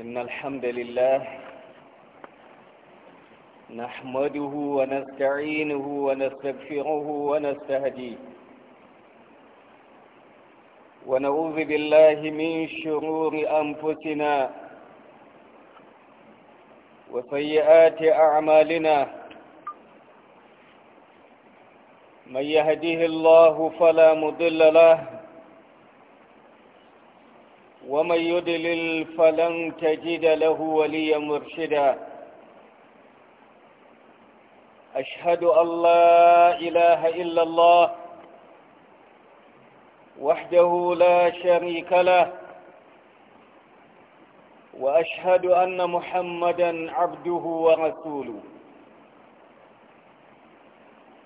إن الحمد لله نحمده ونستعينه ونستغفره ونستهديه ونعوذ بالله من شرور أنفسنا وسيئات أعمالنا من يهديه الله فلا مضل له ومن يدلل فلن تجد له وليا مرشدا أشهد أن لا إله إلا الله وحده لا شريك له وأشهد أن محمدا عبده ورسوله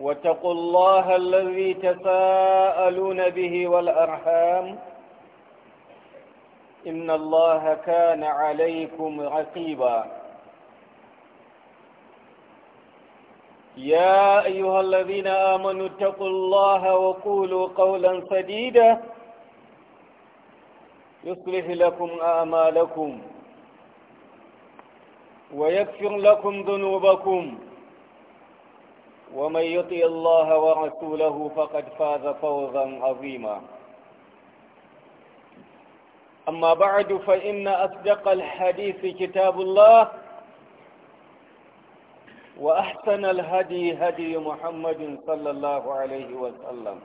واتقوا الله الذي تساءلون به والأرحام إن الله كان عليكم عقيبا يا أيها الذين آمنوا اتقوا الله وقولوا قولا سديدا يصلح لكم ذنوبكم ويكفر لكم ذنوبكم ومن يطع الله ورسوله فقد فاز فوزا عظيما أما بعد فإن أصدق الحديث كتاب الله وأحسن الهدي هدي محمد صلى الله عليه وسلم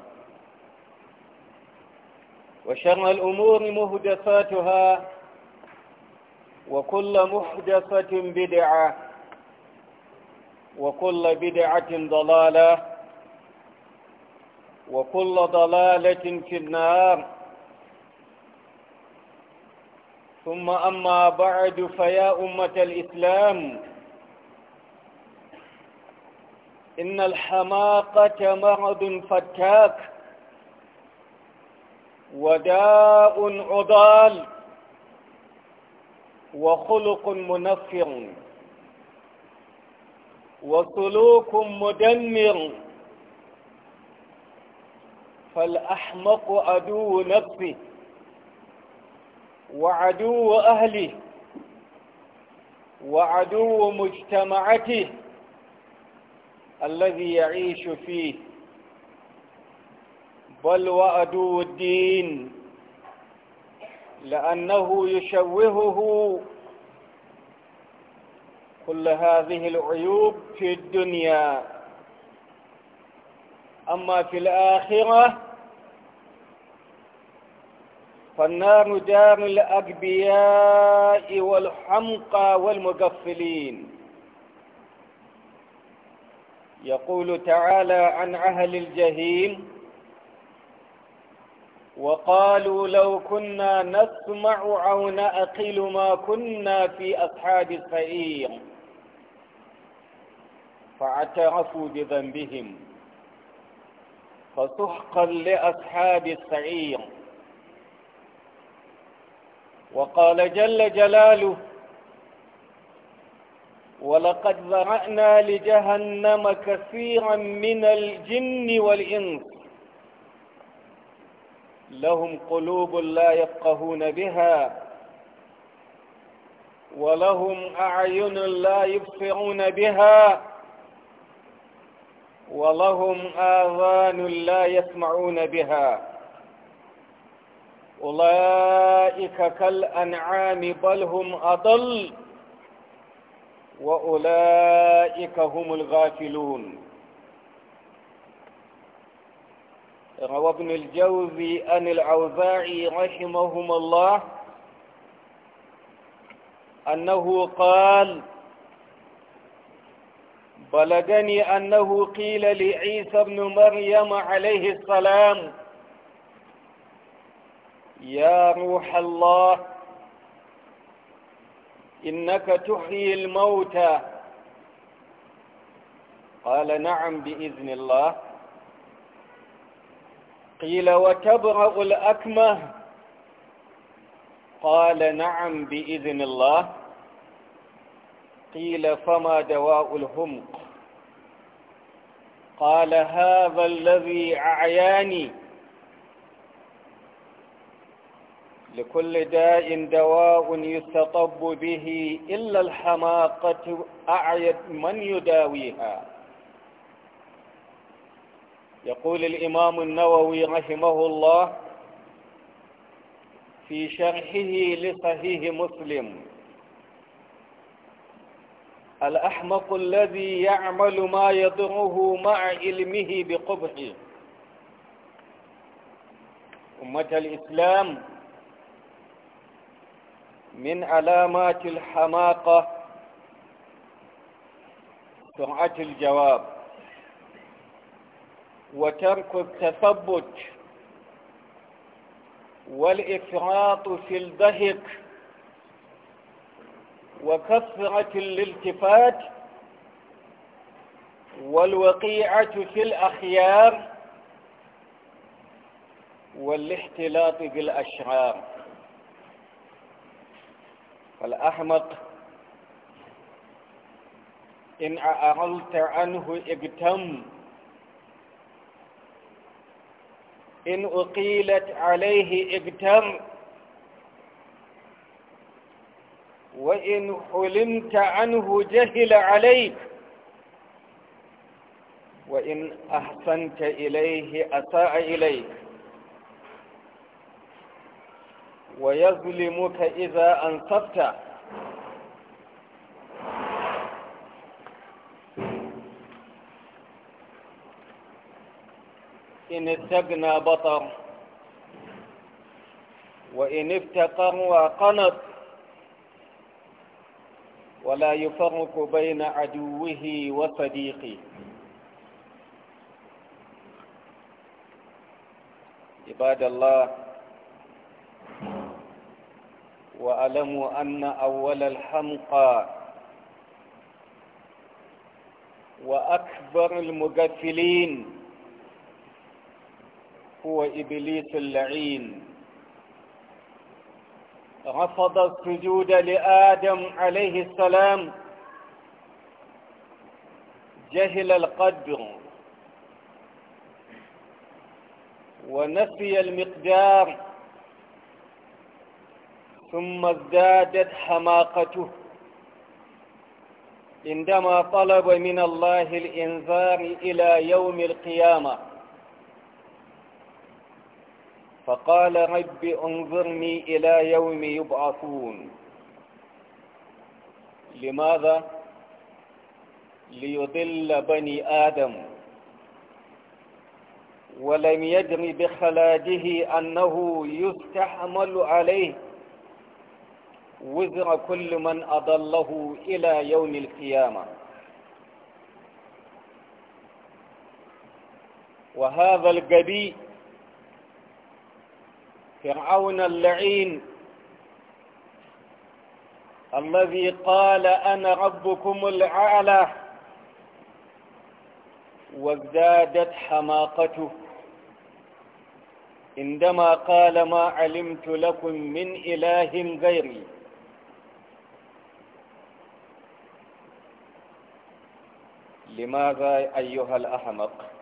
وشر الأمور مهدفاتها وكل محدثة بدعة وكل بدعة ضلالة وكل ضلالة في النار ثم أما بعد فيا أمة الإسلام إن الحماقة مرض فتاك وداء عضال وخلق منفر وسلوك مدمر فالأحمق عدو نفسه وعدو أهله وعدو مجتمعته الذي يعيش فيه بل وعدو الدين لأنه يشوهه كل هذه العيوب في الدنيا أما في الآخرة فالنار دار الأقبياء والحمقى والمقفلين يقول تعالى عن أهل الجهيم وقالوا لو كنا نسمع أو نأقل ما كنا في أصحاب السعير فاعترفوا بذنبهم فسحقا لأصحاب السعير وقال جل جلاله ولقد ذرأنا لجهنم كثيرا من الجن والإنس لهم قلوب لا يفقهون بها ولهم أعين لا يبصرون بها ولهم آذان لا يسمعون بها أولئك كالأنعام بل هم أضل وأولئك هم الغافلون روى ابن الجوزي عن الأوزاعي رحمهما الله أنه قال بلغني أنه قيل لعيسى بن مريم عليه السلام يا روح الله إنك تحيي الموتى قال نعم بإذن الله قيل وتبرأ الأكمه قال نعم بإذن الله قيل فما دواء الهمق قال هذا الذي أعياني لكل داء دواء يستطب به إلا الحماقة أعيت من يداويها يقول الإمام النووي رحمه الله في شرحه لصحيح مسلم الأحمق الذي يعمل ما يضره مع علمه بقبحه أمة الإسلام من علامات الحماقة سرعة الجواب وترك التثبت والإفراط في الضحك وكثرة الالتفات والوقيعة في الأخيار والاحتلاط بالأشعار فالأحمق إن أعرضت عنه اجتم إن أقيلت عليه اجتر وإن حلمت عنه جهل عليك وإن أحسنت إليه أساء إليك ويظلمك إذا أنصفت إن استغنى بطر وإن افتقر وقنط ولا يفرق بين عدوه وصديقه عباد الله واعلموا ان اول الحمقى واكبر المغفلين هو ابليس اللعين رفض السجود لآدم عليه السلام جهل القدر ونفي المقدار ثم ازدادت حماقته عندما طلب من الله الإنذار إلى يوم القيامة فقال رب انظرني إلى يوم يبعثون لماذا ليضل بني آدم ولم يجر بخلاده أنه يستحمل عليه وزر كل من أضله إلى يوم القيامة وهذا الجبي فرعون اللعين الذي قال أنا ربكم الأعلى وازدادت حماقته عندما قال ما علمت لكم من إله غيري لماذا أيها الأحمق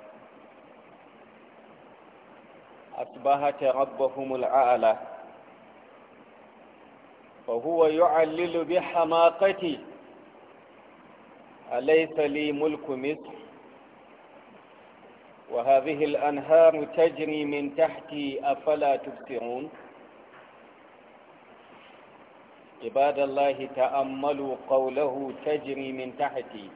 أصبحت ربهم العالى فهو يعلل بحماقتي أليس لي ملك مصر وهذه الأنهار تجري من تحتي أفلا تبصرون عباد الله تأملوا قوله تجري من تحتي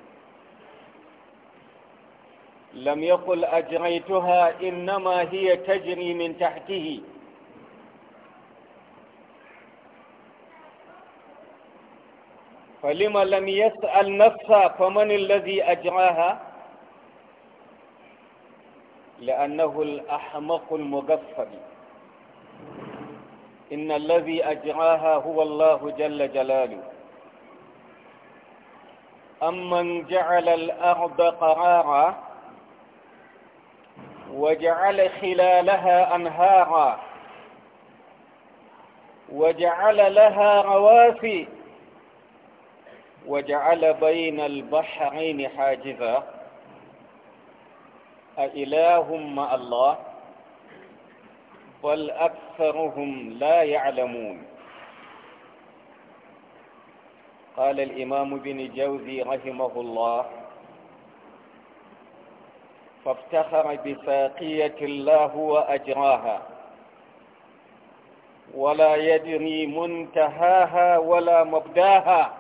لم يقل أجريتها إنما هي تجري من تحته فلما لم يسأل نفسه فمن الذي أجراها لأنه الأحمق المغفل إن الذي أجراها هو الله جل جلاله أمن جعل الأرض قرارا وجعل خلالها أنهارا وجعل لها رواسي وجعل بين البحرين حاجزا أإله مع الله بل أكثرهم لا يعلمون قال الإمام بن جوزي رحمه الله فافتخر بساقية الله وأجراها ولا يدري منتهاها ولا مبداها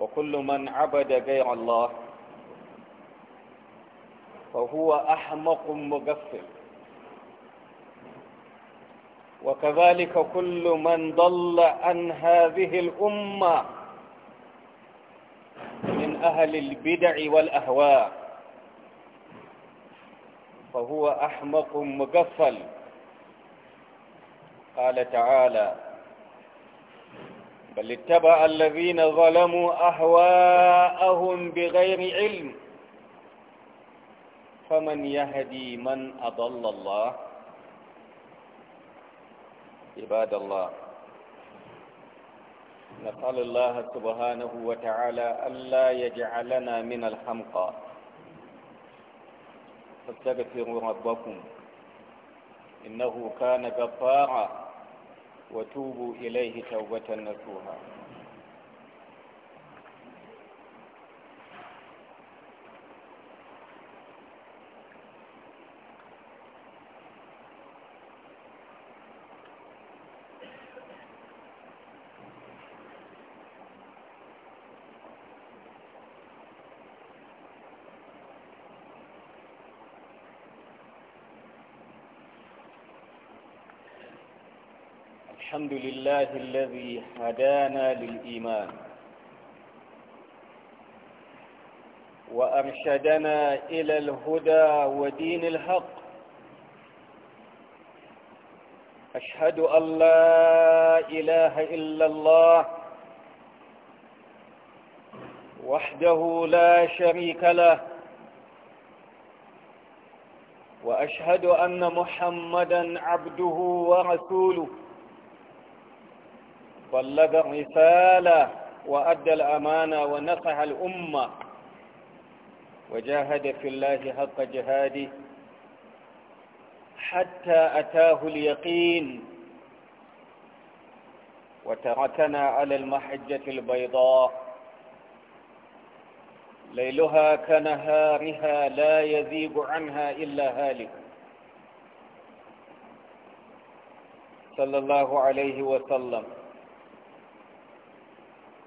وكل من عبد غير الله فهو أحمق مغفل وكذلك كل من ضل عن هذه الأمة أهل البدع والأهواء فهو أحمق مقفل قال تعالى بل اتبع الذين ظلموا أهواءهم بغير علم فمن يهدي من أضل الله عباد الله نسأل الله سبحانه وتعالى ألا يجعلنا من الحمقى فاستغفروا ربكم إنه كان غفارا وتوبوا إليه توبة نصوحا الحمد لله الذي هدانا للإيمان وأرشدنا إلى الهدى ودين الحق أشهد أن لا إله إلا الله وحده لا شريك له وأشهد أن محمدا عبده ورسوله بلغ الرسالة وأدى الأمانة ونصح الأمة وجاهد في الله حق جهاده حتى أتاه اليقين وتركنا على المحجة البيضاء ليلها كنهارها لا يذيب عنها إلا هالك صلى الله عليه وسلم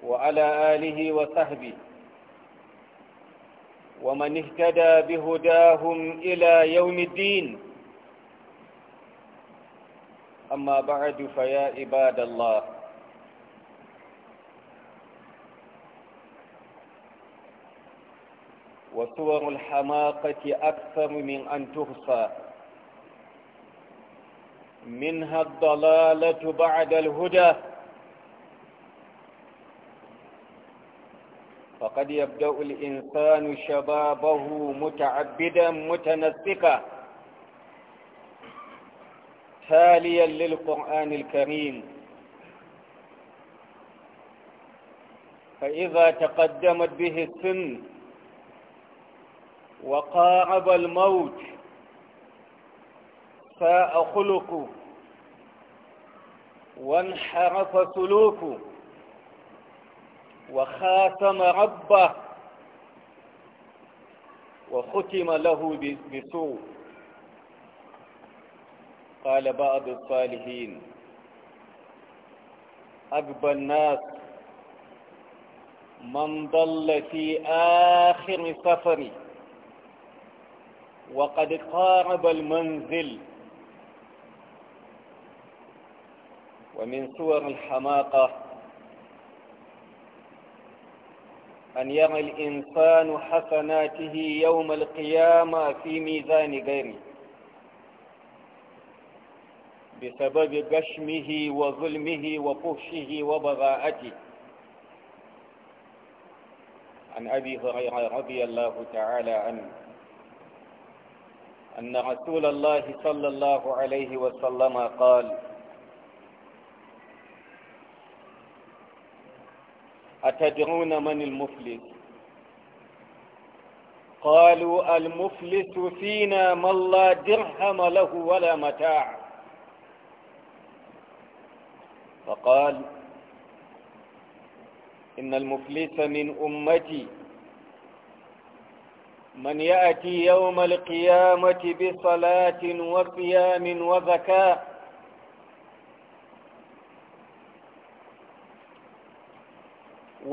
وعلى آله وصحبه ومن اهتدى بهداهم إلى يوم الدين أما بعد فيا عباد الله وصور الحماقة أكثر من أن تحصى منها الضلالة بعد الهدى فقد يبدأ الإنسان شبابه متعبدا متنسكا تاليا للقرآن الكريم فإذا تقدمت به السن وقارب الموت ساء خلقه وانحرف سلوكه وخاتم ربه وختم له بسوء قال بعض الصالحين أقبى الناس من ضل في آخر سفره وقد قارب المنزل ومن صور الحماقة أن يرى الإنسان حسناته يوم القيامة في ميزان غيره بسبب غشمه وظلمه وفحشه وبغاءته عن أبي هريرة رضي الله تعالى عنه أن رسول الله صلى الله عليه وسلم قال أتدعون من المفلس قالوا المفلس فينا من لا درهم له ولا متاع فقال إن المفلس من أمتي من يأتي يوم القيامة بصلاة وصيام وزكاة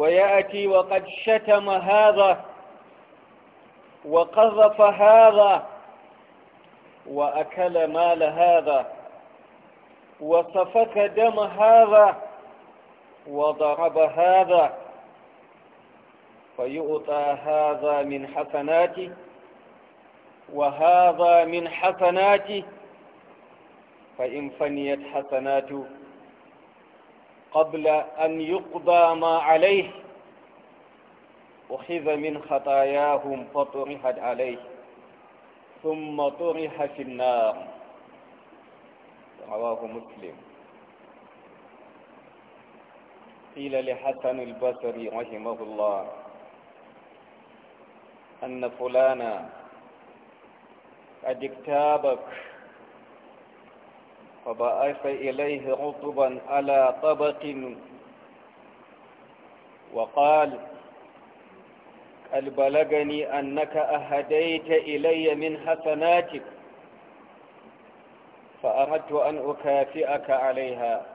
ويأتي وقد شتم هذا وقذف هذا وأكل مال هذا وسفك دم هذا وضرب هذا فيؤتى هذا من حسناته وهذا من حسناته فإن فنيت حسناته قبل أن يقضى ما عليه أخذ من خطاياهم فطرحت عليه ثم طرح في النار رواه مسلم قيل لحسن البصري رحمه الله أن فلانا قد اكتابك فبعث إليه رطبا على طبق وقال قد بلغني أنك أهديت إلي من حسناتك فأردت أن أكافئك عليها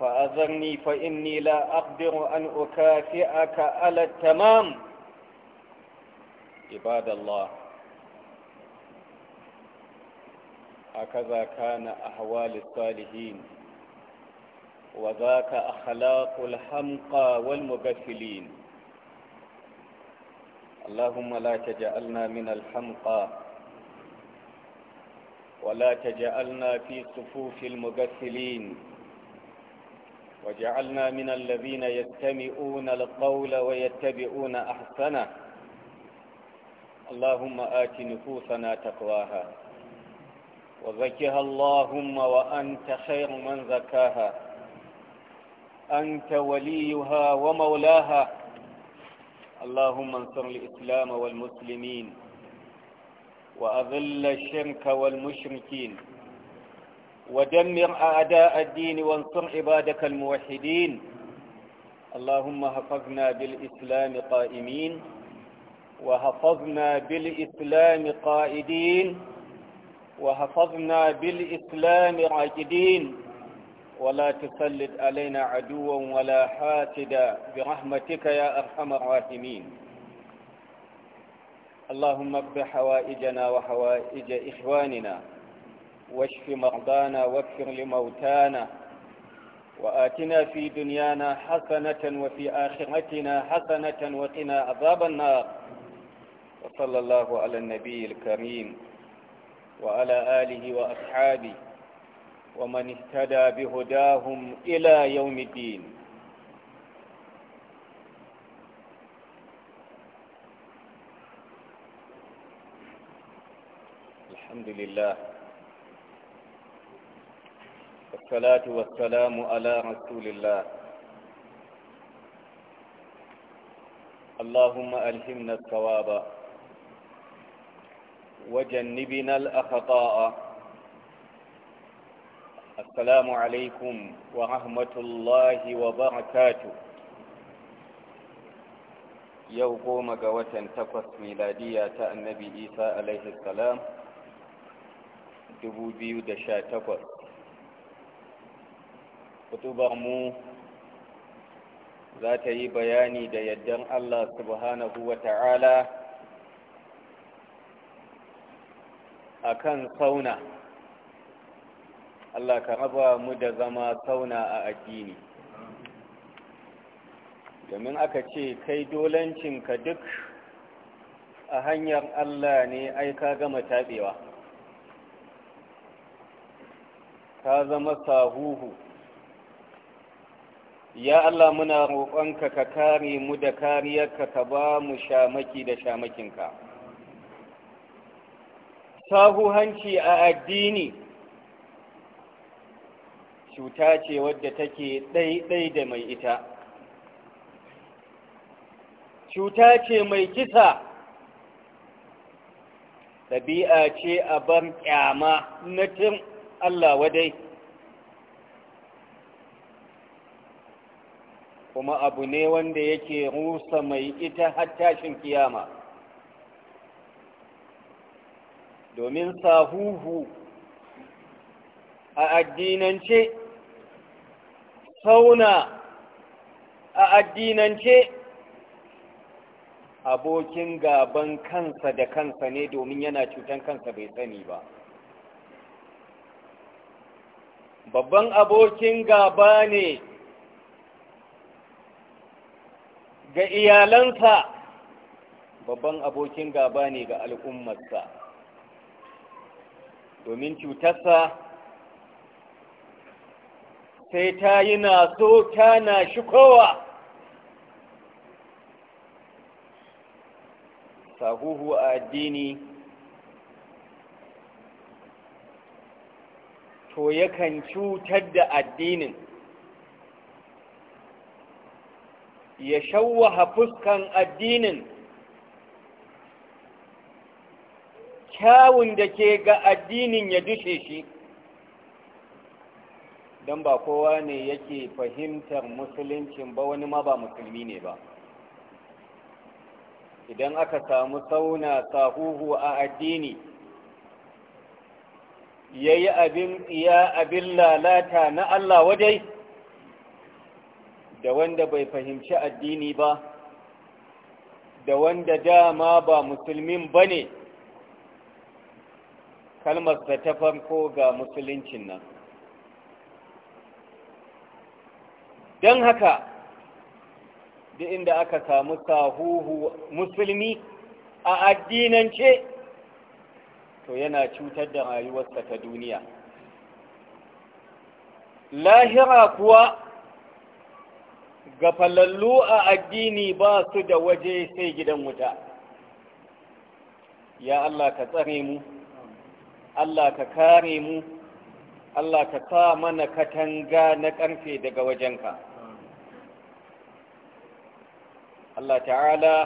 فأذرني فإني لا أقدر أن أكافئك على التمام عباد الله هكذا كان أحوال الصالحين وذاك أخلاق الحمقى والمغفلين اللهم لا تجعلنا من الحمقى ولا تجعلنا في صفوف المغفلين وجعلنا من الذين يستمعون القول ويتبعون أحسنه اللهم آت نفوسنا تقواها وزكها اللهم وأنت خير من زكاها أنت وليها ومولاها اللهم انصر الإسلام والمسلمين وأذل الشرك والمشركين ودمر أعداء الدين وانصر عبادك الموحدين اللهم حفظنا بالإسلام قائمين وحفظنا بالإسلام قائدين وحفظنا بالإسلام راجدين ولا تسلط علينا عدوا ولا حاسدا برحمتك يا أرحم الراحمين اللهم اقض حوائجنا وحوائج إخواننا واشف مرضانا واكفر لموتانا وآتنا في دنيانا حسنة وفي آخرتنا حسنة وقنا عذاب النار وصلى الله على النبي الكريم وعلى آله وأصحابه ومن اهتدى بهداهم إلى يوم الدين الحمد لله والصلاة والسلام على رسول الله اللهم ألهمنا الثواب وجنبنا الأخطاء السلام عليكم ورحمة الله وبركاته yau goma ga watan takwas miladiya ta annabi isa da sha takwas. kutubar mu za ta yi bayani da yaddan allah subhanahu wa ta'ala akan sauna Allah ka raba mu da zama sauna a addini domin aka ce kai dolancinka duk a hanyar Allah ne ai gama taɓewa ka zama sahuhu ya Allah muna roƙonka ka kare mu da kariyarka ka ba mu shamaki da shamakin shamakinka hanci a addini cuta ce wadda take ɗaiɗai da mai ita cuta ce mai kisa ɗabi'a ce a ban ƙyama na tun Allah wadai kuma abu ne wanda yake rusa mai ita har tashin kiyama domin sahuhu a addinance sauna a addinance abokin gaban kansa da kansa ne domin yana cutan kansa bai sani ba babban abokin gaba ne ga iyalansa babban abokin gaba ne ga al'ummarsa domin cutarsa sai ta yi na so ta na kowa. sahuhu a addini to yakan cutar da addinin ya shawwaha fuskan addinin kyawun da ke ga addinin ya dushe shi don ba kowa ne yake fahimtar musuluncin ba wani ma ba musulmi ne ba idan aka samu sauna sahuhu a addini ya yi abin tsiya abin lalata na Allah wajai da wanda bai fahimci addini ba da wanda dama ba musulmin ba ne kalmar da ta farko ga musuluncin nan don haka da inda aka samu sahuhu musulmi a addinance to yana cutar da rayuwarsa ta duniya lahira kuwa ga falallu a addini ba su da waje sai gidan wuta ya Allah ka tsare mu Allah ka kare mu Allah ka sa mana katanga na ƙarfe daga wajenka Allah ta'ala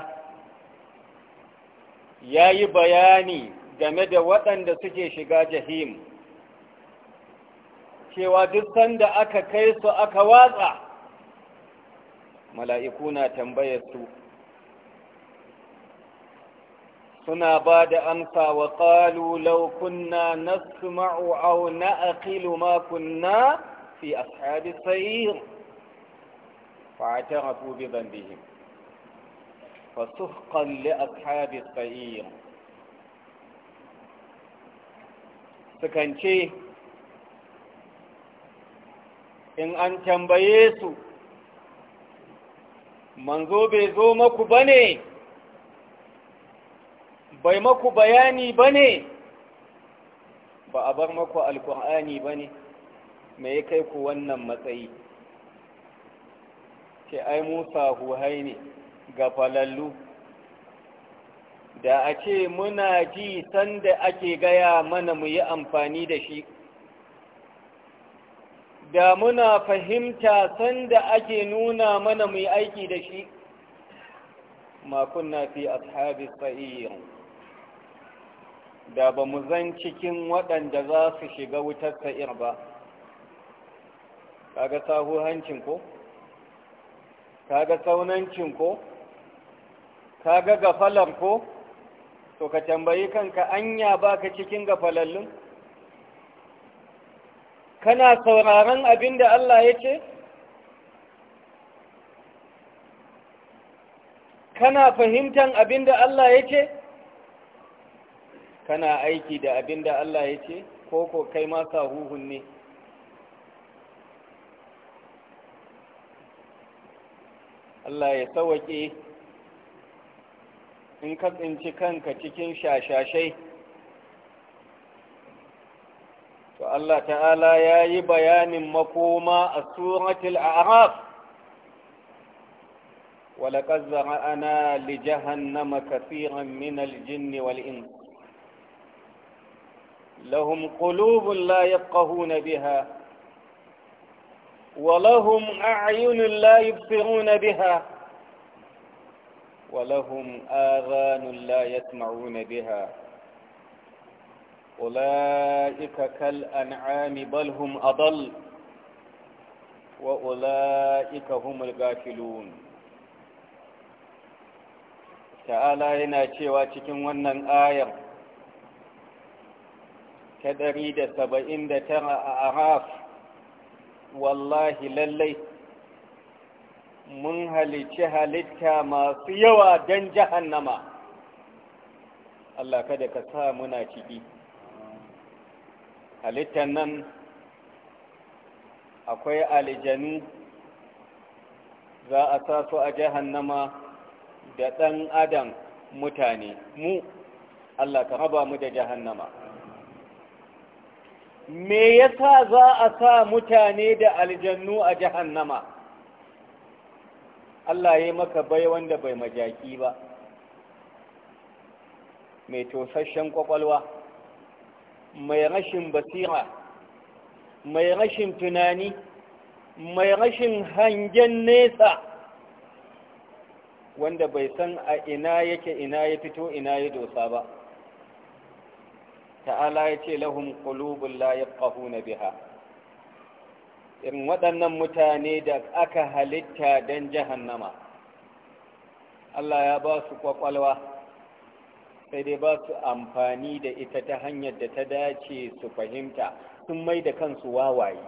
ya yi bayani game da waɗanda suke shiga jahim cewa duk sanda aka kai su aka watsa mala'iku na tambayar su suna ba da amsa wa ƙalu laukunna na suma'u au na aƙilu makunna fi ashabi sayir fa'atarafu bi zambihim fa su li ashabi sayir sukan ce in an tambaye su manzo bai zo maku ba ne bai maku bayani ba ne ba a bar maku alkur'ani ba ne me ya kai ku wannan matsayi ce ai musa huhai ne ga falallu da a ce muna ji sanda ake gaya mana mu yi amfani da shi da muna fahimta sanda ake nuna mana mu yi aiki da shi ma kunna fi ashabi sa'iyyar da ba mu zan cikin waɗanda za su shiga wutar sa'ir ba kaga hancin ko kaga saunancin ko kaga gafalar ko to ka tambayi kanka anya ka cikin gafalallun kana sauraron abin da Allah ya ce kana fahimtan abin da Allah ya ce kana aiki da abin da Allah ya ce ko ko kai ma sahuhun ne Allah ya sawake in ka tsinci kanka cikin shashashai to Allah ta'ala ya yi bayanin makoma a suratul a'raf ولقد زرعنا لجهنم minal من الجن والإنس لهم قلوب لا يفقهون بها ولهم أعين لا يبصرون بها ولهم آذان لا يسمعون بها أولئك كالأنعام بل هم أضل وأولئك هم الغافلون تعالى شيء واتكن ونن آيَةً ta ɗari da saba'in da tara a araf wallahi lallai mun halici halitta masu yawa don jahannama Allah kada ka sa muna ciki halittan nan akwai aljanu za a sa su a jahannama da ɗan adam mutane mu Allah ka raba mu da jahannama me yasa za a sa mutane da aljannu a jahannama Allah ya maka bai wanda bai majaki ba mai tosashen kwakwalwa mai rashin basira mai rashin tunani mai rashin hangen nesa wanda bai san a ina yake ina ya fito ina ya dosa ba ta'ala ya ce lahum qulubun la yafqahuna biha irin waɗannan mutane da aka halitta don jahannama Allah ya ba su kwakwalwa sai dai ba su amfani da ita ta hanyar da ta dace su fahimta sun mai da kansu wawaye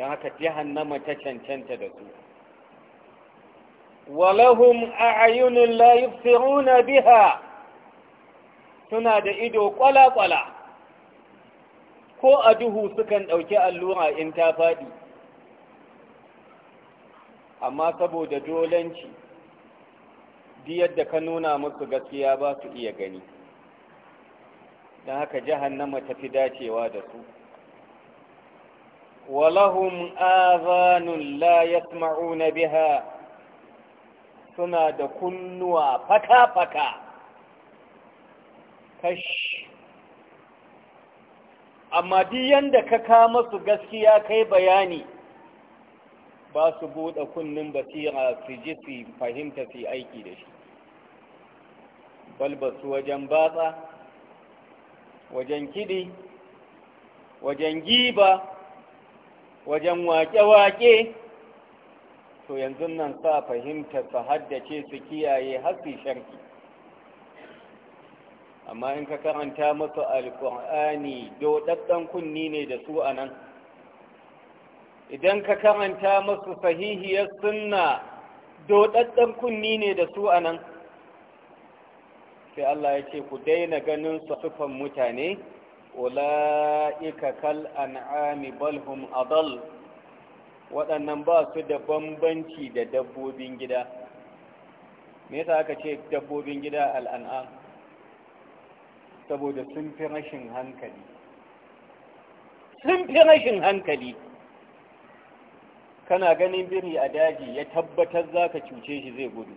don haka jahannama ta cancanta da su walahum a'yunun la yubsiruna biha suna da ido kwala-kwala ko a duhu sukan ɗauki allura in ta faɗi amma saboda dolanci di yadda ka nuna musu gaskiya ba su iya gani don haka Nama ta fi dacewa da su Walahun azanun la yasma'una biha suna da kunnuwa faka-faka kash amma duk yanda ka kama su gaskiya kai bayani ba su buɗe kunnin basira su ji su fahimta su aiki da shi su wajen batsa wajen kiɗi wajen giba wajen wake-wake to yanzu nan sa fahimta su haddace su kiyaye har sharki amma in ka karanta masa alƙur'ani doɗaɗɗen kunni ne da su a idan ka karanta masu sahihiyar sunna doɗaɗɗen kunni ne da su a sai Allah ya ce ku daina ganin su sufan mutane ula'ika kal an'ami balhum adal waɗannan ba su da bambanci da dabbobin gida me yasa aka ce dabbobin gida al'an'am saboda sun fi rashin hankali sun fi rashin hankali kana ganin biri a daji ya tabbatar za ka cuce shi zai gudu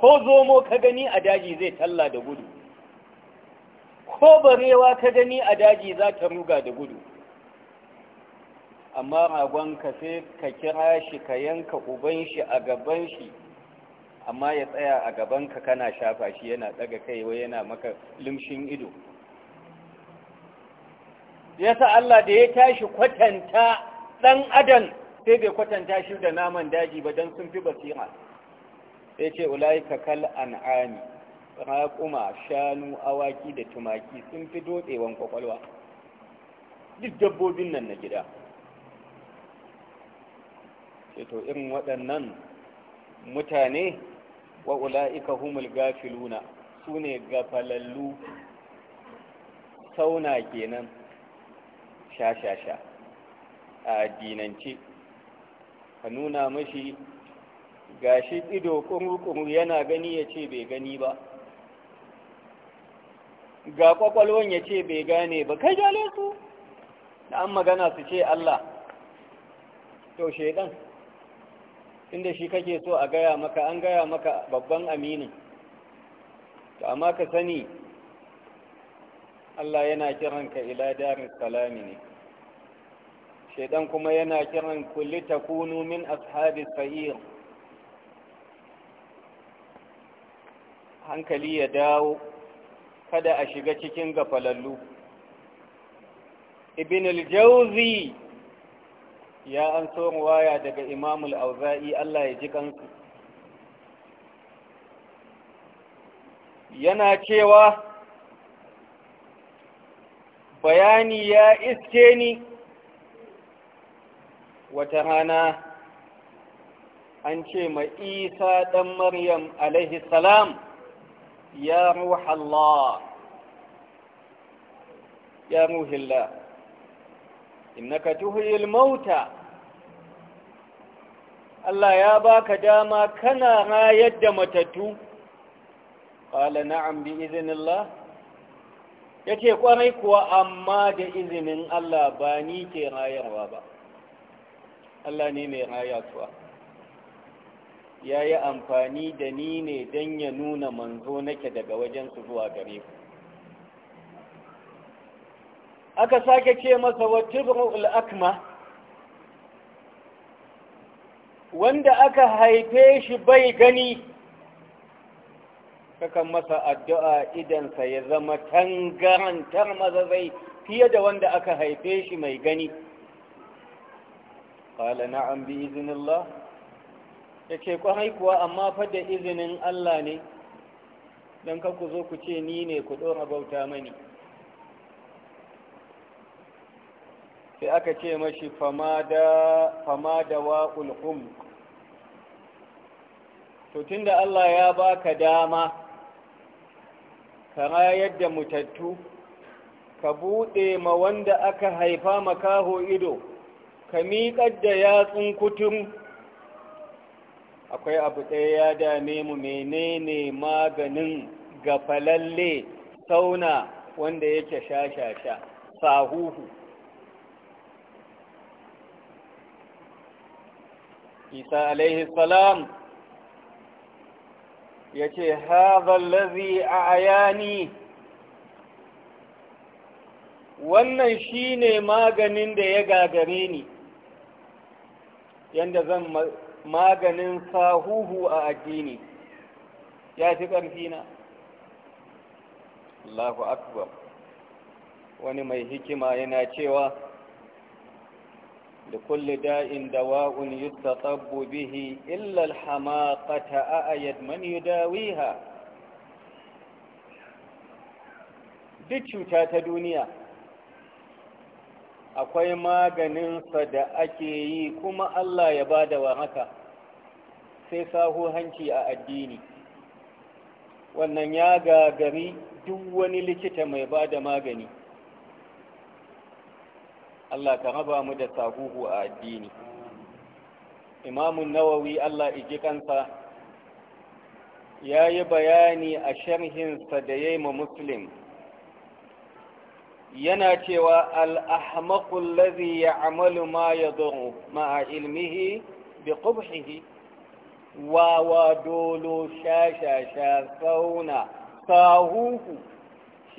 ko zomo ka gani a daji zai talla da gudu ko barewa ka gani a daji za ta ruga da gudu amma ragon ka sai ka kira shi ka yanka uban shi a gaban shi amma ya tsaya a gaban ka kana shafa shi yana daga kaiwa yana maka limshin ido yasa Allah da ya tashi kwatanta dan adam sai bai kwatanta shi da naman daji ba dan sun fi basira sai ce ulaika kal an'ami raquma shanu awaki da tumaki sun fi dotsewan kwakwalwa duk dabbobin nan na gida sai to irin waɗannan mutane wa ula'ika humul gafiluna su ne gafalallu sauna kenan sha-sha-sha a dinance ka nuna mashi gashi ido kurukuru yana gani ya ce bai gani ba ga kwakwalwan ya ce bai gane ba kai jale su da an magana su ce Allah to shaidan inda shi kake so a gaya maka an gaya maka babban amini. to amma ka sani Allah yana kiranka ila darin salami ne shaidan kuma yana kiran kulli takunu min ashabi sa'ir hankali ya dawo kada a shiga cikin gafalallu ibn al-jawzi ya an so waya daga imamul auza'i Allah ya ji kansu yana cewa bayani ya iske ni wata rana an ce ma isa ɗan maryam alaihi salam ya ruhallah ya ruhillah innaka tuhiyil mauta Allah ya baka dama kana rayar da matattu qala na'am bi iznillah yace kwarai kuwa amma da izinin Allah ba ni ke rayarwa ba Allah ne mai rayatuwa ya yi amfani da ni ne don ya nuna manzo nake daga wajensu zuwa gare ku aka sake ce masa wa tibrul akma wanda aka haife shi bai gani kakan masa addu'a idansa ya zama tangarantar mazazai fiye da wanda aka haife shi mai gani ƙala na'am bi izinillah ya ce ƙwarai kuwa amma fadda izinin Allah ne don ka ku zo ku ce ni ne ku ɗora bauta mani sai aka ce mashi fama da wa'ul umk to da Allah ya baka dama ka rayar da mutattu ka buɗe ma wanda aka haifa makaho ido ka miƙar da yatsun kutum akwai abu ɗaya ya dame mu menene maganin ga falalle sauna wanda yake sha-sha-sha sahuhu isa alaihi salam ya ce hazallazi a ayani wannan shi ne maganin da ya gagare ni yadda zan maganin sahuhu a addini ya fi ƙarfina Allahu akbar wani mai hikima yana cewa لكل داء دواء يستطب به إلا الحماقة أأيد من يداويها duk cuta ta duniya akwai maganinsa da ake yi kuma Allah ya ba da haka sai saho hanci a addini wannan ya gagari duk wani likita mai bada magani Allah ka raba mu da sahuhu a addini imamun nawawi Allah iji kansa ya yi bayani a sharhinsa da ya yi ma muslim yana cewa al'ahmakul lazi ya amalu ma ya zoro ma'a ilmihi bi ƙubhihi wawa dolo sha sha sha sauna sahuhu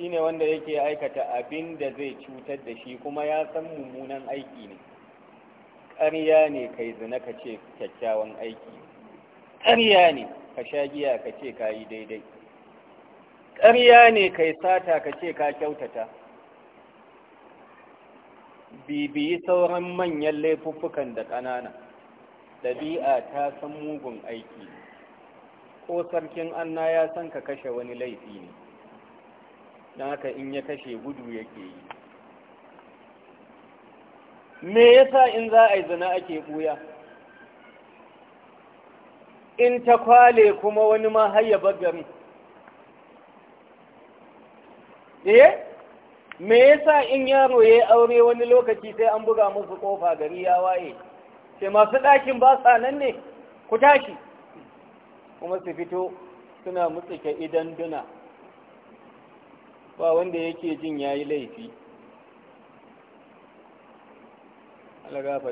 shine wanda yake aikata abin da zai cutar da shi kuma ya san mummunan aiki ne ƙarya ne kai zina ka ce kyakkyawan aiki ƙarya ne ka sha giya ka ce ka yi daidai ƙarya ne kai sata ka ce ka kyautata bibiyi sauran manyan laifuffukan da ƙanana ɗabi'a ta san mugun aiki ko sarkin anna ya san ka kashe wani laifi ne da haka in ya kashe gudu yake yi me yasa in za a yi zina ake buya in ta kwale kuma wani ma hayya gari eh me yasa in yaro ya aure wani lokaci sai an buga musu kofa gari ya waye sai masu ɗakin ba sa nan ne ku tashi kuma su fito suna mutsike idan duna ba wanda yake jin ya yi laifi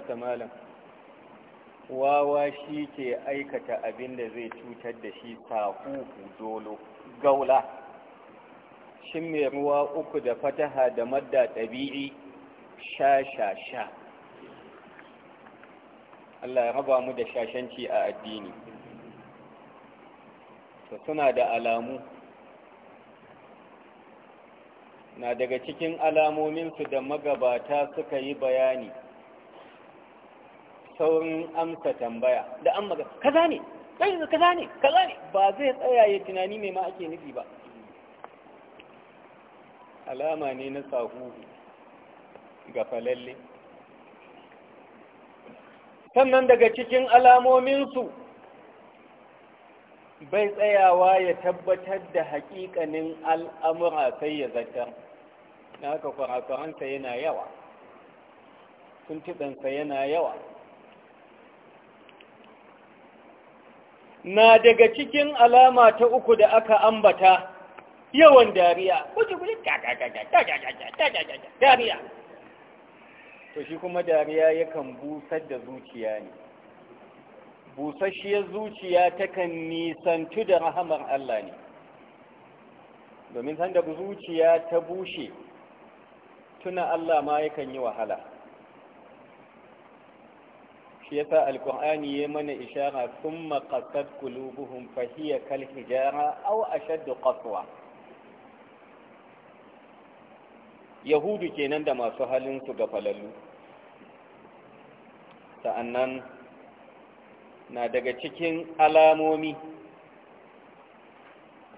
ta malam wawa shi ke aikata abin da zai cutar da shi sahuhu dolo gaula shin mai ruwa uku da fataha da madda ɗabi'i sha sha sha Allah ya raba mu da shashanci a addini to suna da alamu na daga cikin alamominsu da magabata suka yi bayani saurin amsa tambaya da an maga kaza ne ɗaya kaza ne kaza ne ba zai tsaya ya tunani mai ma ake nufi ba alama ne na sahu ga falalle sannan daga cikin alamominsu bai tsayawa ya tabbatar da haƙiƙanin al'amura sai ya zartar na haka kurakuransa yana yawa tuntuɗansa yana yawa na daga cikin alama ta uku da aka ambata yawan dariya kuji-kuji dariya to shi kuma dariya yakan busar da zuciya ne busasshiyar zuciya takan nisantu da rahamar Allah ne domin sanda zuciya ta bushe tuna Allah ma yakan yi wahala shi ya sa alkur'ani ya mana ishara sun maƙasar kulubuhun fahiyya kal hijara aw ashaddu qaswa yahudu kenan da masu halin su ga falallu sa'annan na daga cikin alamomi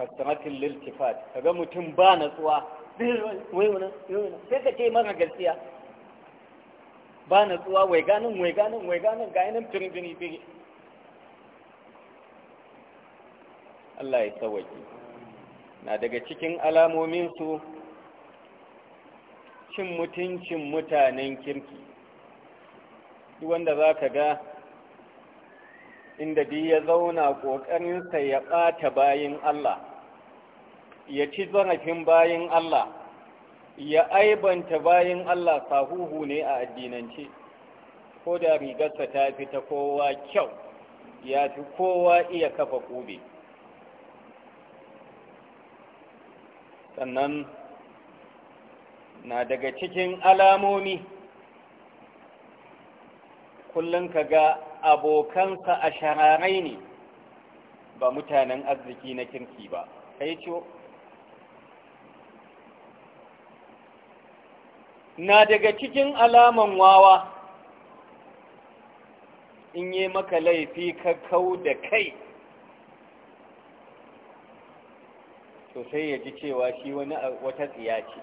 kasratil liltifat kaga mutum ba natsuwa sai ka ce mara gaskiya ba na tsuwa wai ganin wai ganin wai ganin ga yanin turbini biri Allah ya tsawaki na daga cikin alamominsu cin mutuncin mutanen kirki wanda za ka ga inda biyu ya zauna ƙoƙarinsa ya ɓata bayin Allah ya ci zarafin bayan Allah ya aibanta bayin Allah sahuhu ne a addinance ko da rigarsa ta fi ta kowa kyau ya fi kowa iya kafa ƙube. sannan na daga cikin alamomi kullum ka ga abokansa a shararai ne ba mutanen arziki na kirki ba kai ciwo na daga cikin alaman wawa in yi maka laifi ka kau da kai Sosai sai ya ji cewa shi wani wata tsiya ce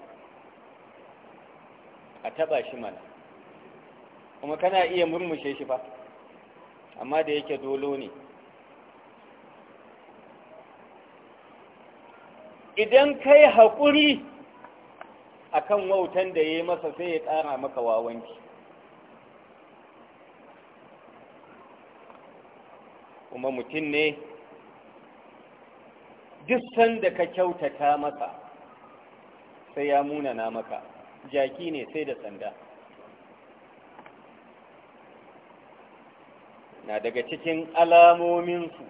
a taba shi mana kuma kana iya murmushe shi fa amma da yake dolo ne idan kai haƙuri akan wautan da ya yi masa sai ya ƙara maka wawanki kuma mutum ne duk sanda ka kyautata masa sai ya munana maka jaki ne sai da sanda na daga cikin alamominsu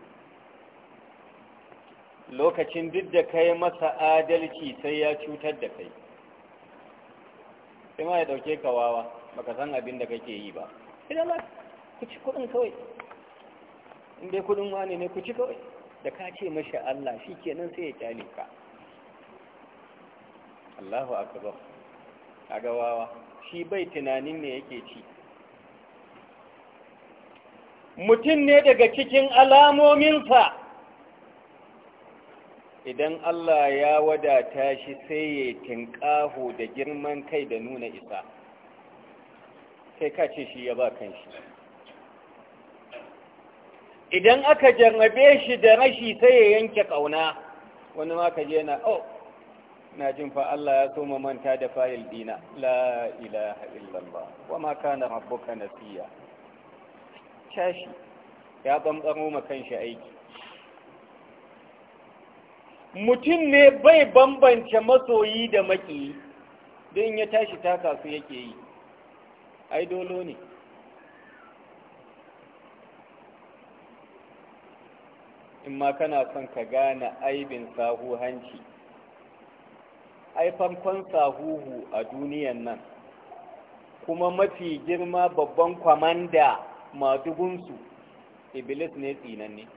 lokacin duk da kai masa adalci sai ya cutar da kai sai ma ya dauke ka wawa baka san abin da kake yi ba idan ba ku ci kudin kawai in dai kudin wane ne ku ci kawai da ka ce mashi Allah shi kenan sai ya kyale ka Allahu akbar kaga wawa shi bai tunanin ne yake ci mutum ne daga cikin alamominsa idan Allah ya wadata shi sai ya tinƙaho da girman kai da nuna isa sai ka ce shi ya ba kanshi idan aka jarrabe shi da rashi sai ya yanke ƙauna. wani maka je na oh na jin fa Allah ya so manta da fayil dina la ilaha illallah wa ma kana rabbuka nasiya tashi ya bambaro ma kanshi aiki mutum ne bai bambance masoyi da maki don ya tashi taka su yake yi ai ne in ma kana son ka gane aibin sahu hanci ai farkon sahuhu a duniyan nan kuma mafi girma babban kwamanda madugunsu iblis ne ne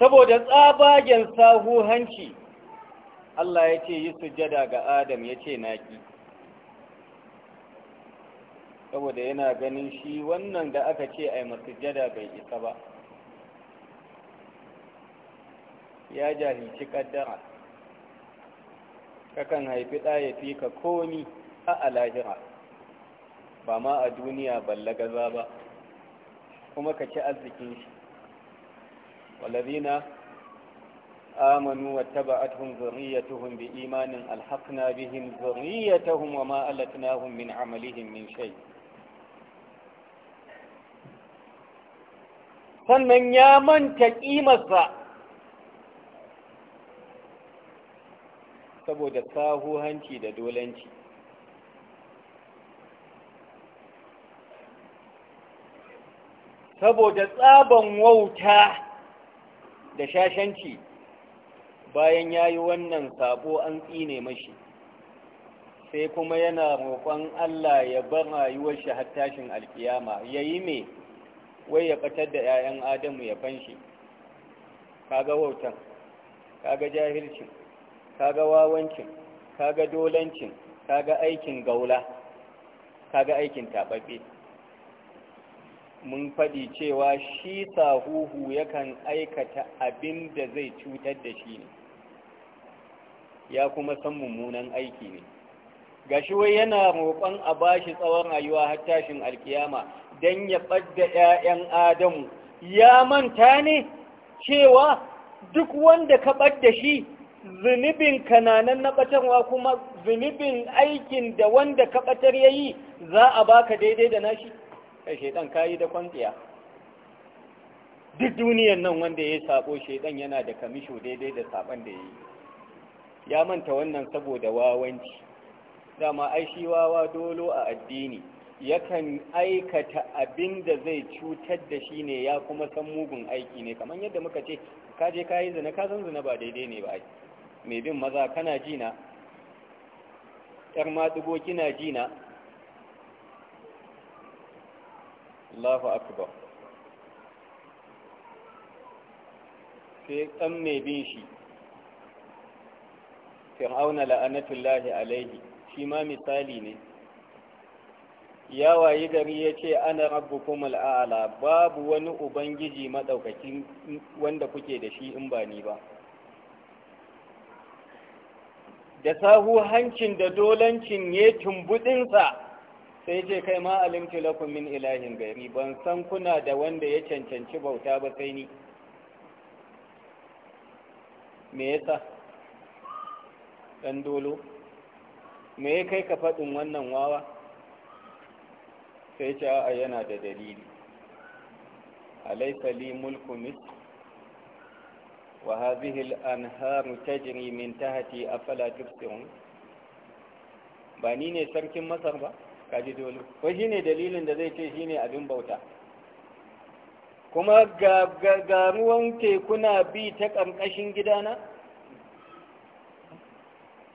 saboda tsabagen sahu hanci Allah ya ce yi sujada ga Adam ya ce naƙi saboda yana ganin shi wannan da aka ce a yi masujada bai isa ba ya jahilci ƙaddara kakan haifi ɗaya fi ka komi a alahira ba ma a duniya ballagaza ba kuma ka ci arzikin shi والذين آمنوا واتبعتهم ذريتهم بإيمان ألحقنا بهم ذريتهم وما ألتناهم من عملهم من شيء sannan ya manta ƙimarsa saboda hanci da dolanci saboda tsaban wauta da shashanci bayan ya yi wannan sabo an tsine mashi sai kuma yana roƙon Allah ya bar rayuwar shi har tashin alkiyama ya yi me wai ya fitar da 'ya'yan adamu ya fanshi kaga wautan kaga jahilcin kaga wawancin kaga dolancin kaga aikin gaula kaga aikin taɓaɓɓe mun faɗi cewa shi sahuhu yakan aikata abin da zai cutar da shi ne ya kuma san mummunan aiki ne gashi wai yana roƙon a ba shi tsawon rayuwa har tashin alkiyama don ya ɓadda 'ya'yan adamu ya manta ne cewa duk wanda ka ɓadda shi zunubin kananan na ɓatarwa kuma zunubin aikin da wanda ka ɓatar ya yi za a baka daidai da nashi kai shaidan kayi da kwantsiya duk duniyan nan wanda ya sabo shaidan yana da kamisho daidai da saban da ya yi ya manta wannan saboda wawanci dama ai shi wawa dolo a addini yakan aikata abin da zai cutar da shi ne ya kuma san mugun aiki ne kamar yadda muka ce ka je ka yi zina ka san zina ba daidai ne ba mai bin maza kana jina ƴar maɗugo kina jina Allahu akbar sai ɗan mai bin shi fir'auna la'anatullahi alaihi shi ma misali ne ya wayi gari ya ce ana rabbukum al'ala babu wani ubangiji maɗaukaki wanda kuke da shi in ba ni ba da sahu hancin da dolancin ya tumbudinsa sai ce kai ma alimtu lakum min ilahin gari ban san kuna da wanda ya cancanci bauta ba sai ni me yasa dan dolo me ya kai ka faɗin wannan wawa sai ce a yana da dalili alaysa li mulku mis wa hadhihi al-anharu tajri min tahti afala tubsirun ba ni ne sarkin masar ba kaji dole ko shine dalilin da zai ce shine abin bauta kuma ga ruwan tekuna bi ta ƙarƙashin gidana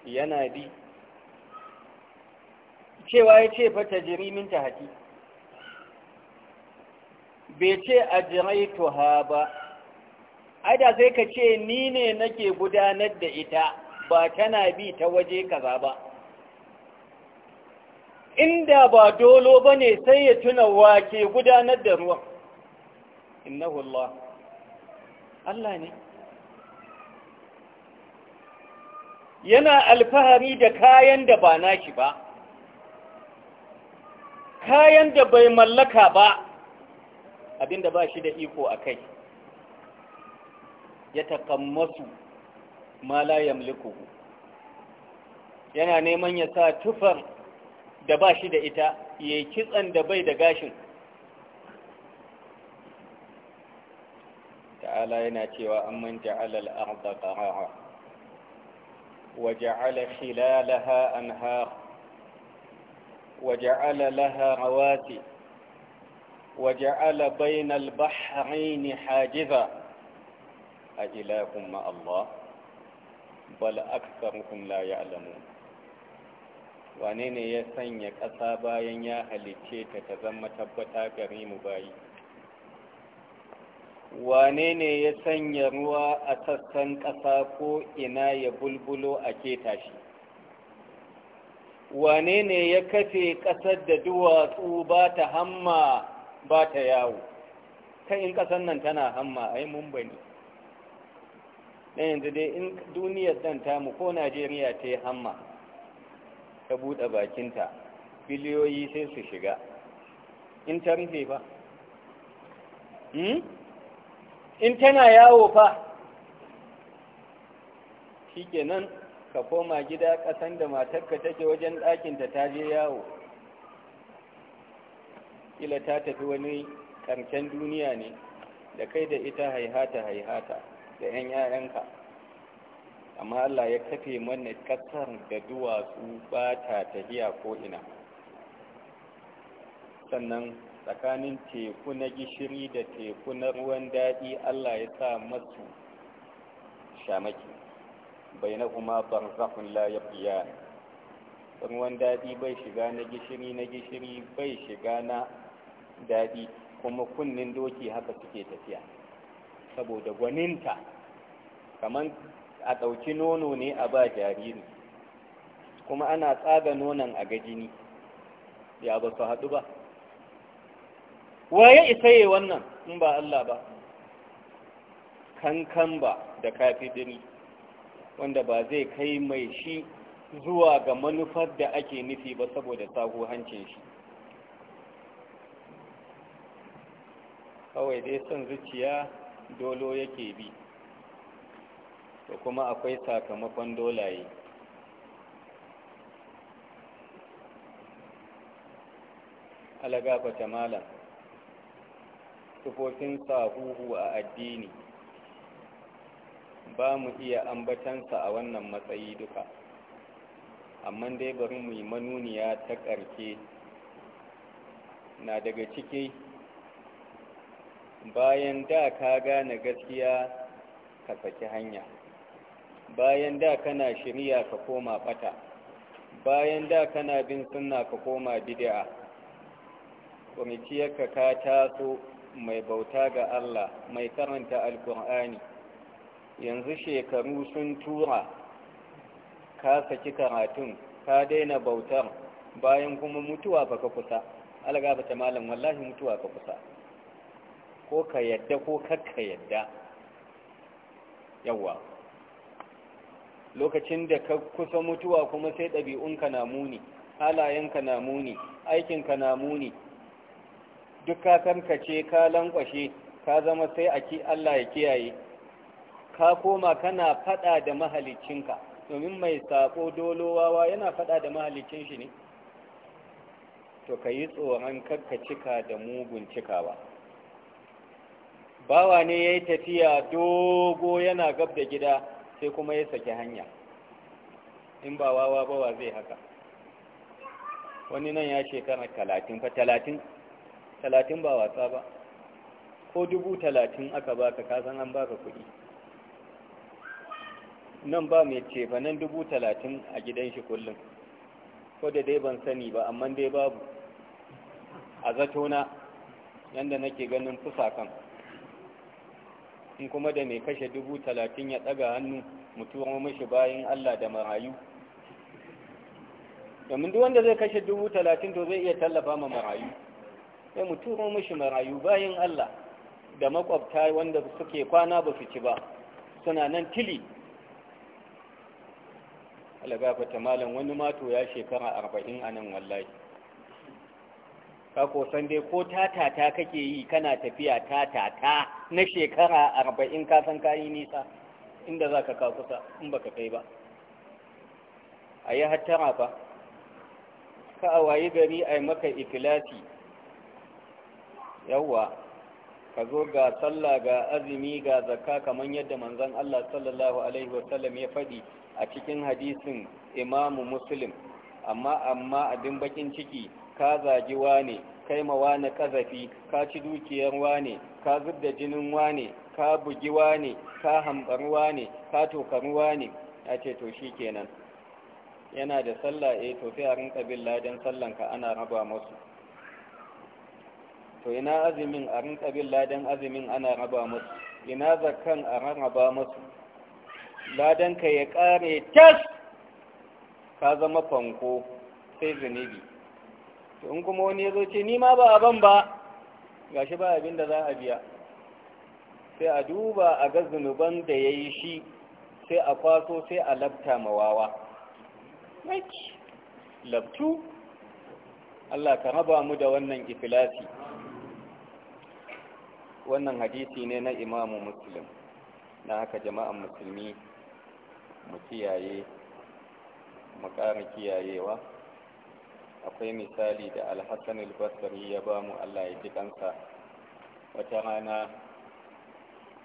yana bi cewa ya ce fata jirimin ta haƙi bai ce a jirai tuha ba ada sai ka ce ni ne nake gudanar da ita ba tana bi ta waje kaza ba inda ba dolo ba ne sai ya tuna wake gudanar da ruwan Inna Allah Allah ne yana alfahari da kayan da ba nashi ba kayan da bai mallaka ba abinda ba shi da iko a kai ya takammasu ma la yamliku yana neman ya sa tufar da ba shi da ita ya kitsan da bai da gashin ta'ala yana cewa an manta alal arda qaraha wa ja'ala khilalaha anhar wa ja'ala laha rawati wa ja'ala bainal bahrayn hajiza a ilahum ma Allah bal aktharuhum la ya'lamun wane ne ya sanya ƙasa bayan ya halicce ta ta zama tabbata gare mu bayi wane ne ya sanya ruwa a sassan ƙasa ko ina ya bulbulo a keta shi wane ne ya kafe ƙasar da duwatsu ba ta hamma ba ta yawo ta in ƙasar nan tana hamma a yi mun bane na yanzu dai in duniyar dan tamu ko najeriya ta yi hamma ta buɗe bakinta biliyoyi sai su shiga in ta rufe fa hmm? in tana yawo fa shi kenan ka koma gida ƙasan da matarka take wajen ɗakinta ta je yawo Ila ta tafi wani ƙarshen duniya ne da kai da ita haihata haihata da 'yan 'ya'yanka amma Allah ya kafe mana kasar da duwatsu ba ta tafiya ko ina sannan tsakanin teku na gishiri da teku na ruwan daɗi Allah ya sa masu shamaki bai na kuma barzakun layabiya ruwan daɗi bai shiga na gishiri na gishiri bai shiga na daɗi kuma kunnen doki haka suke tafiya saboda gwaninta kamar a ɗauki nono ne a ba jariri kuma ana tsaga nonon a ga jini ya ba su haɗu ba waye yi wannan in ba Allah ba kankan ba da kafi dini wanda ba zai kai mai shi zuwa ga manufar da ake nufi ba saboda sago hancin shi kawai dai son zuciya dolo yake bi da kuma akwai sakamakon dolaye alagafata malam sufofin sahuhu a addini ba mu iya ambatansa a wannan matsayi duka amma dai bari mu yi manuniya ta ƙarfe. na daga ciki bayan da ka gane gaskiya ka saki hanya bayan da kana shirya ka koma fata bayan da kana bin sunna ka koma bid'a kwamiciyarka ka taso mai bauta ga Allah mai karanta alkur'ani yanzu shekaru sun tura ka saki karatun ka daina bautar bayan kuma mutuwa baka kusa algaba ta malam wallahi mutuwa ka kusa ko ka yadda ko kakka yadda yawwa lokacin da ka kusa mutuwa kuma sai ɗabi'unka na muni halayenka na muni aikinka na muni duk ka karkace ka lankwashe ka zama sai a ki Allah ya kiyaye ka koma kana fada da mahalicinka domin mai saƙo dolowawa yana fada da mahalicin shi ne to ka yi tsoron cika da mugun cikawa bawa ne ya yi tafiya dogo yana gab da gida sai kuma ya saki hanya in ba wawa ba wa zai haka wani nan ya shekara talatin fa talatin talatin ba wasa ba ko dubu talatin aka baka kasan an ba ka kuɗi nan ba mai cefa nan dubu talatin a gidan shi kullum ko da dai ban sani ba amma dai babu a zatona yadda nake ganin fusa kan in kuma da mai kashe dubu talatin ya tsaga hannu mutuwa mashi bayan Allah da marayu domin duk wanda zai kashe dubu talatin to zai iya tallafa ma marayu sai mutuwa mashi marayu bayan Allah da makwabta wanda suke kwana ba su ci ba suna nan tili alagafata malam wani mato ya shekara arba'in a nan wallahi ka san dai ko tatata kake yi kana tafiya tatata na shekara arba'in kasan kayi nisa inda za ka kakusa in baka kai ba a yi hattara ba ka a wayi gari a yi maka ikilati yawwa ka zo ga sallah ga azumi ga Zaka, kamar yadda manzan Allah sallallahu alaihi wasallam ya faɗi a cikin hadisin imamu muslim amma amma abin bakin ciki ka zagi wane kai ma wane kazafi ka ci dukiyar wane ka zubda jinin wane ka bugi wane ka hambar wane ka tokar wane a ce to shi kenan yana da sallah eh to sai a rinka bin ladan sallanka ana raba masu to ina azumin a rinka bin ladan azumin ana raba masu ina zakkan a rarraba masu ladanka ya kare tas ka zama fanko sai zunubi in kuma wani ya zo ce ni ma ba a ban ba gashi ba abin da za a biya sai a duba a ga zunuban da ya yi shi sai a kwaso sai a labta mawawa labtu Allah ka raba mu da wannan ifilati wannan hadisi ne na imamu muslim na haka jama'an musulmi mu kiyaye mu ƙara kiyayewa akwai misali da alhassan albasari ya ba mu allah ya ji ɗansa wata rana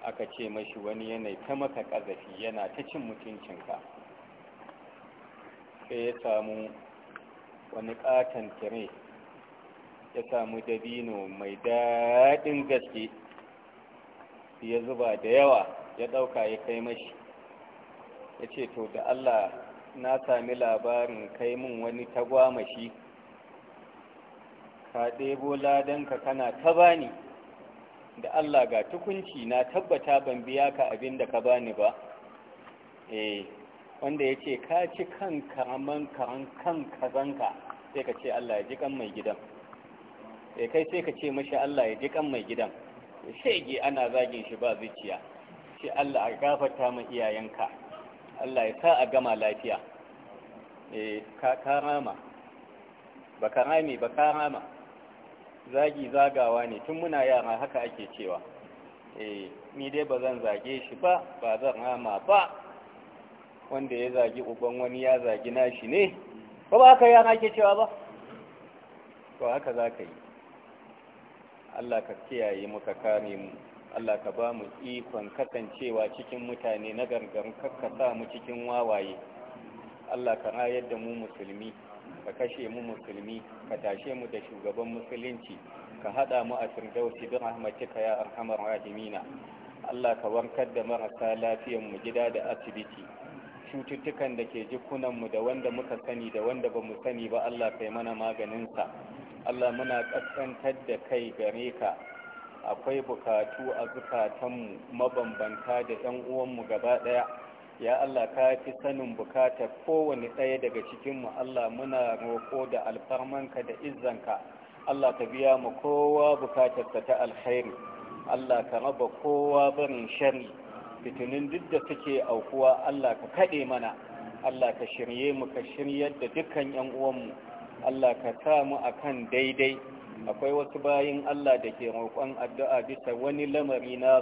aka ce mashi wani yanayi ta maka ƙazafi yana ta cin mutuncinka sai ya samu wani ƙaton tire ya samu dabino mai daɗin gaske ya zuba da yawa ya ɗauka ya kai mashi ya ce to da allah na sami labarin kai mun wani tagwamashi ka ɗebo ladanka kana ta bani da Allah ga tukunci na tabbata ban biya ka abin da ka bani ba eh wanda ya ce ka ci kanka man kan kazanka, sai ka ce Allah ya ji kan mai gidan sai eh, kai sai ka ce mashi Allah ya ji kan mai gidan ge ana zagin shi ba zuciya sai Allah a gafarta ma iyayenka Allah ya sa a gama lafiya eh ka karama ba karami ba karama zagi zagawa ne tun muna yara haka ake cewa eh ni dai ba zan zage shi ba ba zan rama ba wanda ya zagi uban wani ya zagi nashi ne ba ba haka yara ke cewa ba to haka za ka yi Allah ka kiyaye muka kare mu Allah ka ba mu ikon kasancewa cikin mutane na gangan kakka sa mu cikin wawaye Allah ka rayar da mu musulmi ka kashe mu musulmi ka tashe mu da shugaban musulunci ka hada mu a firdausi bi rahmatika ya arhamar rahimina Allah ka warkar da marasa lafiyar mu gida da asibiti cututtukan da ke jikunan mu da wanda muka sani da wanda ba mu sani ba Allah kai mana maganin sa Allah muna kaskantar da kai gare ka akwai bukatu a zukatan mu mabambanta da 'yan mu gaba ɗaya ya Allah ka fi sanin bukatar kowane ɗaya daga cikinmu Allah muna roƙo da alfarmanka da izzanka Allah ka biya mu kowa bukatarsa ta alkhairi Allah ka raba kowa barin shari fitinin duk da suke aukuwa Allah ka kaɗe mana Allah ka shirye mu ka shiryar da dukkan 'yan uwanmu Allah ka sa mu akan daidai akwai wasu bayin Allah da ke roƙon addu'a bisa wani lamari na.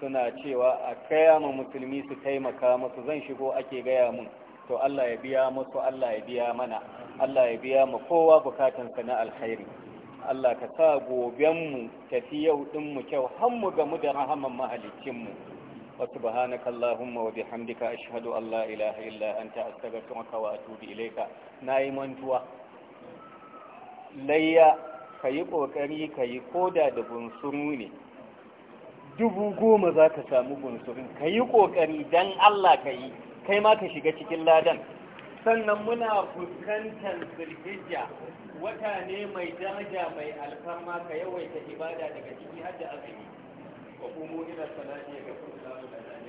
suna cewa a kaya ma musulmi su taimaka masu zan shigo ake gaya mun to Allah ya biya musu Allah ya biya mana Allah ya biya mu kowa bukatansa na alkhairi Allah ka sa gobenmu tafi yau din mu kyau har mu gamu da rahaman mahalicin mu wa subhanaka allahumma wa bihamdika ashhadu an la ilaha illa anta astaghfiruka wa atubu ilayka nayi mantuwa layya kayi kokari kayi koda da bunsuru ne dubu goma za ka samu gunsurin ka yi ƙoƙari don Allah ka yi kai ma ka shiga cikin ladan sannan muna fuskantar zulhijja wata ne mai daraja mai alfarma ka yawaita ibada daga ciki har da azumi wa kuma ila salati ga kuma